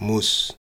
muus